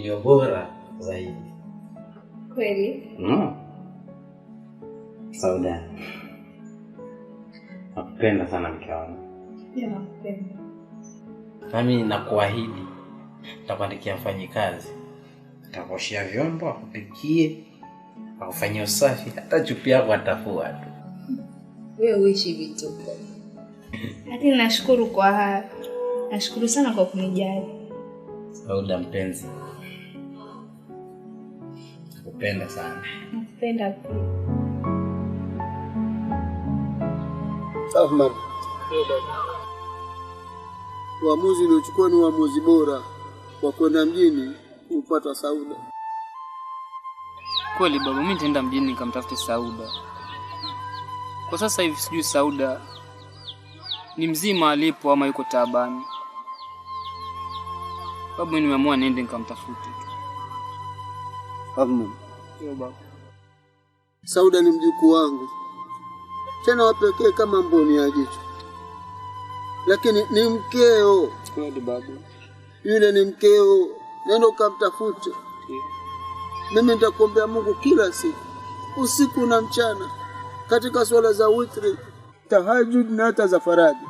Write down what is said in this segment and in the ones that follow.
iliyo bora zaidi. Kweli? Mm. Sauda, nakupenda sana mke wangu. Pia nakupenda. Nami nakuahidi nitakuandikia mfanyikazi atakuoshea vyombo, akupikie, akufanyia usafi, hata chupi yako atafua tu. Wewe uishi vitu Lakini nashukuru kwa haya, nashukuru sana kwa kunijali Sauda mpenzi. Nakupenda sana. Nakupenda pia. Safi mama. Uamuzi uliochukua ni uamuzi bora wa kwenda mjini kupata Sauda. Kweli baba, mimi nitaenda mjini nikamtafute Sauda. Kwa sasa hivi sijui Sauda ni mzima alipo ama yuko taabani. Babu, nimeamua niende nikamtafute. Amen hiyo baba. Sauda ni mjukuu wangu tena wapekee kama mboni ya jicho, lakini ni mkeo kweli baba. Yule ni mkeo, nenda ukamtafute. Mimi nitakuombea Mungu kila siku usiku na mchana, katika swala za witri, tahajud na hata za faradhi,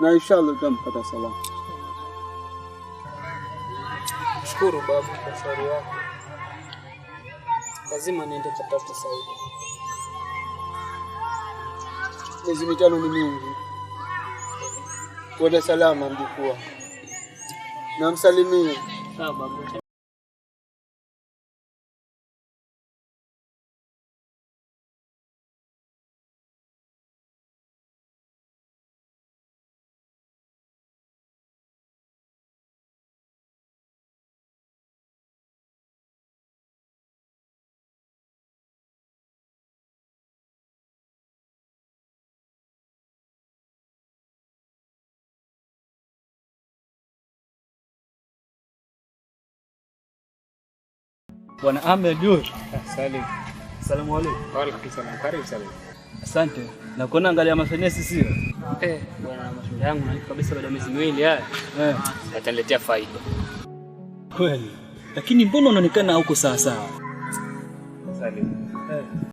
na inshallah utampata salama. Shukuru baba kwa shauri yako lazima niende kutafuta Saidi. Miezi mitano ni mingi. Kwenda salama mjukuu. Namsalimia. Sawa Bwana Ahmed Duli. Asalamu Salamu alaykum. Wa alaykum salam. Karibu sana. Asante. Na kuona angalia mafanesi sio? Eh, bwana mashuhuri yangu na kabisa baada ya miezi miwili haya. Eh. Yataniletea eh. faida. Kweli. Lakini mbona unaonekana huko sawa sawa? Salim. Eh.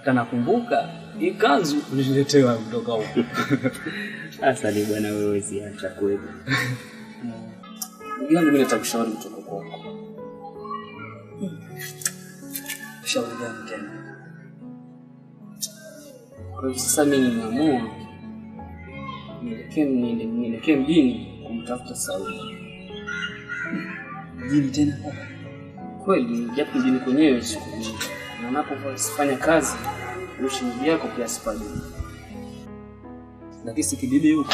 hata nakumbuka hii kanzu uliletewa kutoka huko. Sasa ni bwana wewe, siacha kweli. Ndio mimi natakushauri kutoka kwako. Shauri gani tena? Kwa hivyo sasa mimi nimeamua nielekee mjini kumtafuta Saudi. Mjini tena? kweli, japo mjini kwenyewe siku nyingi, na unapofanya kazi rushi mji yako pia sipajui. Na kisi kibibi huko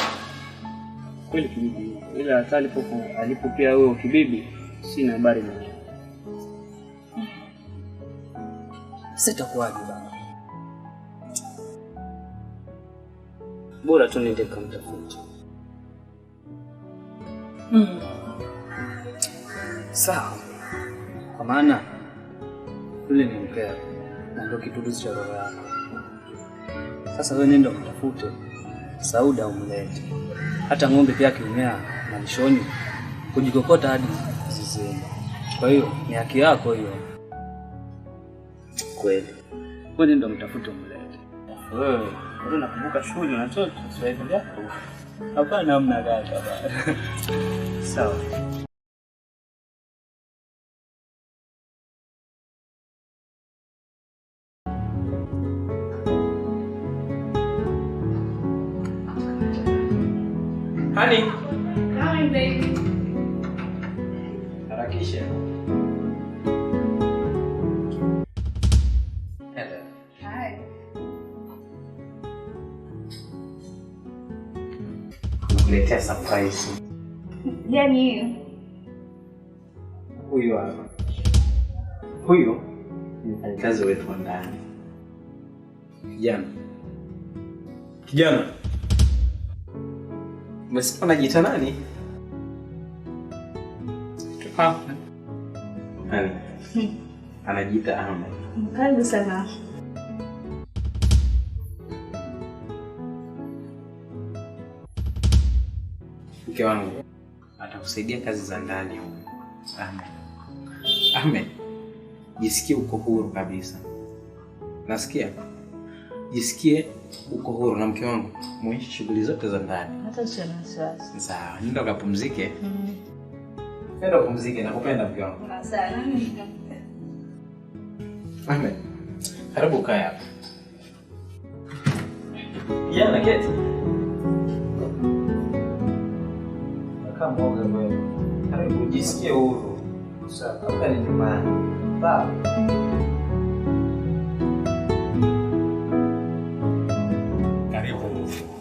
kweli, kibibi huko, ila hata alipopia huyo kibibi, sina habari na naye. Sitakuwaje baba, bora tu niende kamtafuta. Mm. Sawa maana yule ni mpea na ndio kitulizi cha roho yako. Sasa wewe nenda mtafute Sauda umlete, hata ng'ombe pia akiumea malishoni kujikokota hadi zizini. Kwa hiyo ni haki yako hiyo. Kweli wewe nenda mtafute umlete. Wewe ndio shule na toto sasa hivi Hapana, hamna gari baba. Sawa. kukuletea surprise. Yaani hiyo. Huyu hapa. Huyu ni mfanyakazi wetu wa ndani. Kijana. Kijana. Umesikia unajiita nani? Hapa. Ah. Nani? Hmm. Anajiita Ahmed. Karibu sana. mke wangu atakusaidia kazi za ndani huko. Amen. Amen. Jisikie uko huru kabisa, nasikia jisikie uko huru na mke wangu, muonyeshe shughuli zote za ndani. Hata sio na wasiwasi. Sawa, nenda ukapumzike. Mm. Nenda upumzike, nakupenda mke wangu. Amen. Karibu kaya. Yeah, I get it. kama karibu jisikie huru. ni nyumbani.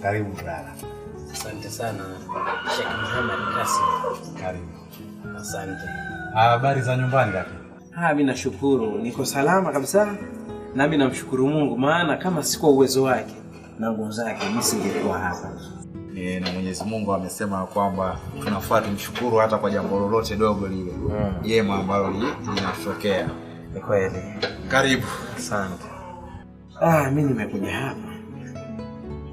Karibu, brada. Asante sana Sheikh Muhammad Kasim. Karibu. Asante. Ah, habari za nyumbani lakini? Ah, mimi nashukuru niko salama kabisa, nami namshukuru Mungu, maana kama si kwa uwezo wake na nguvu zake mimi singekuwa hapa. E, na Mwenyezi Mungu amesema kwamba tunafaa tumshukuru hata kwa jambo lolote dogo lile hmm. jema mm. ambalo linatokea. Ni kweli. Karibu. Asante. Ah, mimi nimekuja hapa,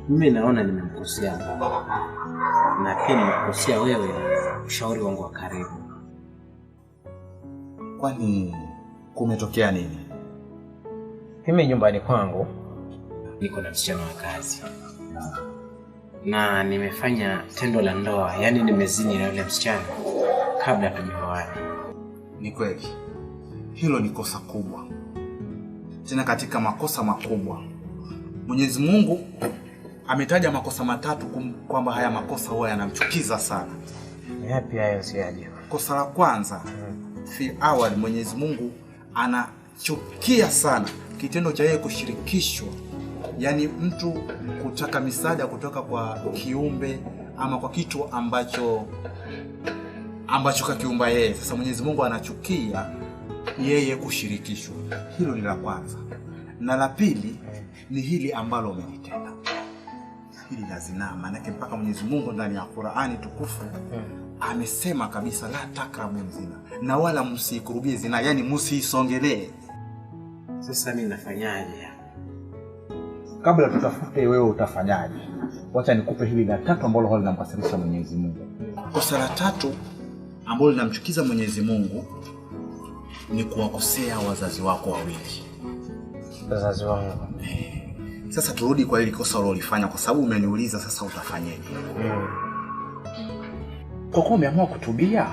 mimi naona nimemkosea Mungu na pia nimekukosea wewe, ushauri wangu wa karibu. Kwani kumetokea nini? Mimi nyumbani kwangu niko na msichana wa kazi ah na nimefanya tendo la ndoa, yaani nimezini na yule msichana kabla tumeoana. Ni kweli hilo ni kosa kubwa, tena katika makosa makubwa. Mwenyezi Mungu ametaja makosa matatu kwamba haya makosa huwa yanamchukiza sana. Yapi hayo? Siaje? Kosa la kwanza hmm, fi awali, Mwenyezi Mungu anachukia sana kitendo cha yeye kushirikishwa yaani mtu kutaka misaada kutoka kwa kiumbe ama kwa kitu ambacho ambacho kakiumba yeye. Sasa Mwenyezi Mungu anachukia yeye kushirikishwa. Hilo ni la kwanza, na la pili ni hili ambalo umelitenda hili la zinaa, maanake mpaka Mwenyezi Mungu ndani ya Qur'ani tukufu amesema kabisa, la takrabu zina na wala msiikurubie zina, yani msiisongelee. Sasa mimi nafanyaje? kabla tutafute wewe utafanyaje, wacha nikupe hili la tatu ambalo huwa linamkasirisha Mwenyezi Mungu. Kosa la tatu ambalo linamchukiza Mwenyezi Mungu ni kuwakosea wazazi wako wawili. Wazazi wangu. Sasa turudi kwa hili kosa ulilofanya, kwa sababu umeniuliza sasa utafanyeje. Kwa kuwa umeamua kutubia,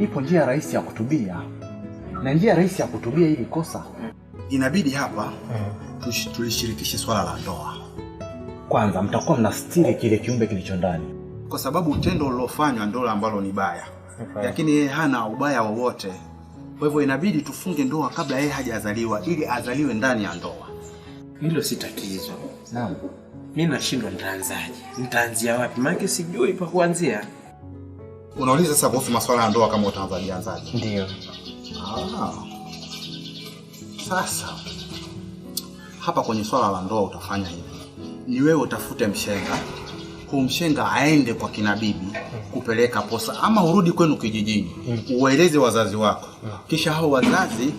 ipo njia rahisi ya kutubia, na njia rahisi ya kutubia hili kosa inabidi hapa mm tulishirikishe swala la ndoa. Kwanza mtakuwa mnastiri kile kiumbe kilicho ndani, kwa sababu tendo lilofanywa ndio ambalo ni baya, lakini yeye hana ubaya wowote. Kwa hivyo inabidi tufunge ndoa kabla yeye hajazaliwa, ili azaliwe ndani ya ndoa. Hilo si tatizo. Naam, mimi nashindwa nitaanzaje, nitaanzia wapi? Maana sijui pa kuanzia. Unauliza sasa kuhusu masuala ya ndoa, kama utaanzaje anzaje? Ndio. Ah. Sasa hapa kwenye swala la ndoa utafanya hivi, ni wewe utafute mshenga, huu mshenga aende kwa kinabibi kupeleka posa, ama urudi kwenu kijijini, uwaeleze wazazi wako, kisha hao wazazi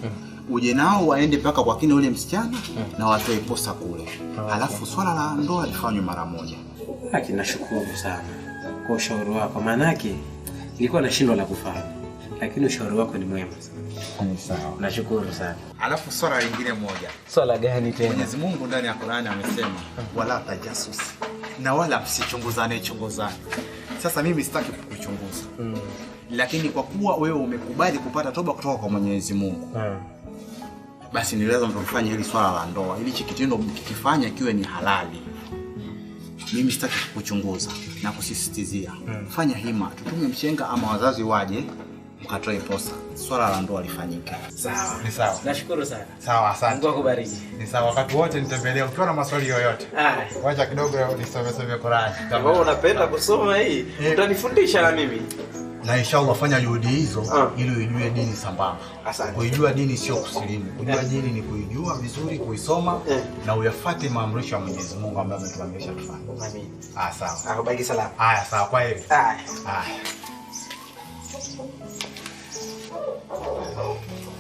uje nao waende mpaka kwa kina ule msichana na watoe posa kule, halafu swala la ndoa lifanywe mara moja. nashukuru sana kwa ushauri wako, maanake nilikuwa nashindwa la kufanya lakini ushauri wako ni mwema sana. Nashukuru sana. Alafu swala lingine moja. Swala gani tena? Mwenyezi Mungu ndani ya Qur'ani amesema wala tajasus na wala msichunguzane chunguzane. Sasa mimi sitaki kukuchunguza mm. Lakini kwa kuwa wewe umekubali kupata toba kutoka kwa Mwenyezi Mungu mm. Basi ni lazima tufanye hili swala la ndoa, ili kitendo kikifanya kiwe ni halali. Mimi sitaki kukuchunguza na kusisitizia mm. Fanya hima, tutume mshenga ama wazazi waje mkatoa imposa, swala la ndoa lifanyike. Sawa, ni sawa. Nashukuru sana. Sawa, asante. Mungu akubariki. Ni sawa, wakati wote nitembelea. Ukiwa na maswali yoyote, Haya. wacha kidogo nisome some Qurani. Kama wewe unapenda kusoma hii, eh. utanifundisha na mimi na inshallah fanya juhudi hizo uh, ili uijue dini sambamba. Kuijua dini sio kusilimu, kujua eh. dini ni kuijua vizuri, kuisoma eh, na uyafuate maamrisho ya Mwenyezi Mungu ambayo ametuamrisha tufanye. Amin. Ah, sawa. Ah, baki salama. Haya, sawa, kwa heri. Haya. Haya. Oh, oh, oh.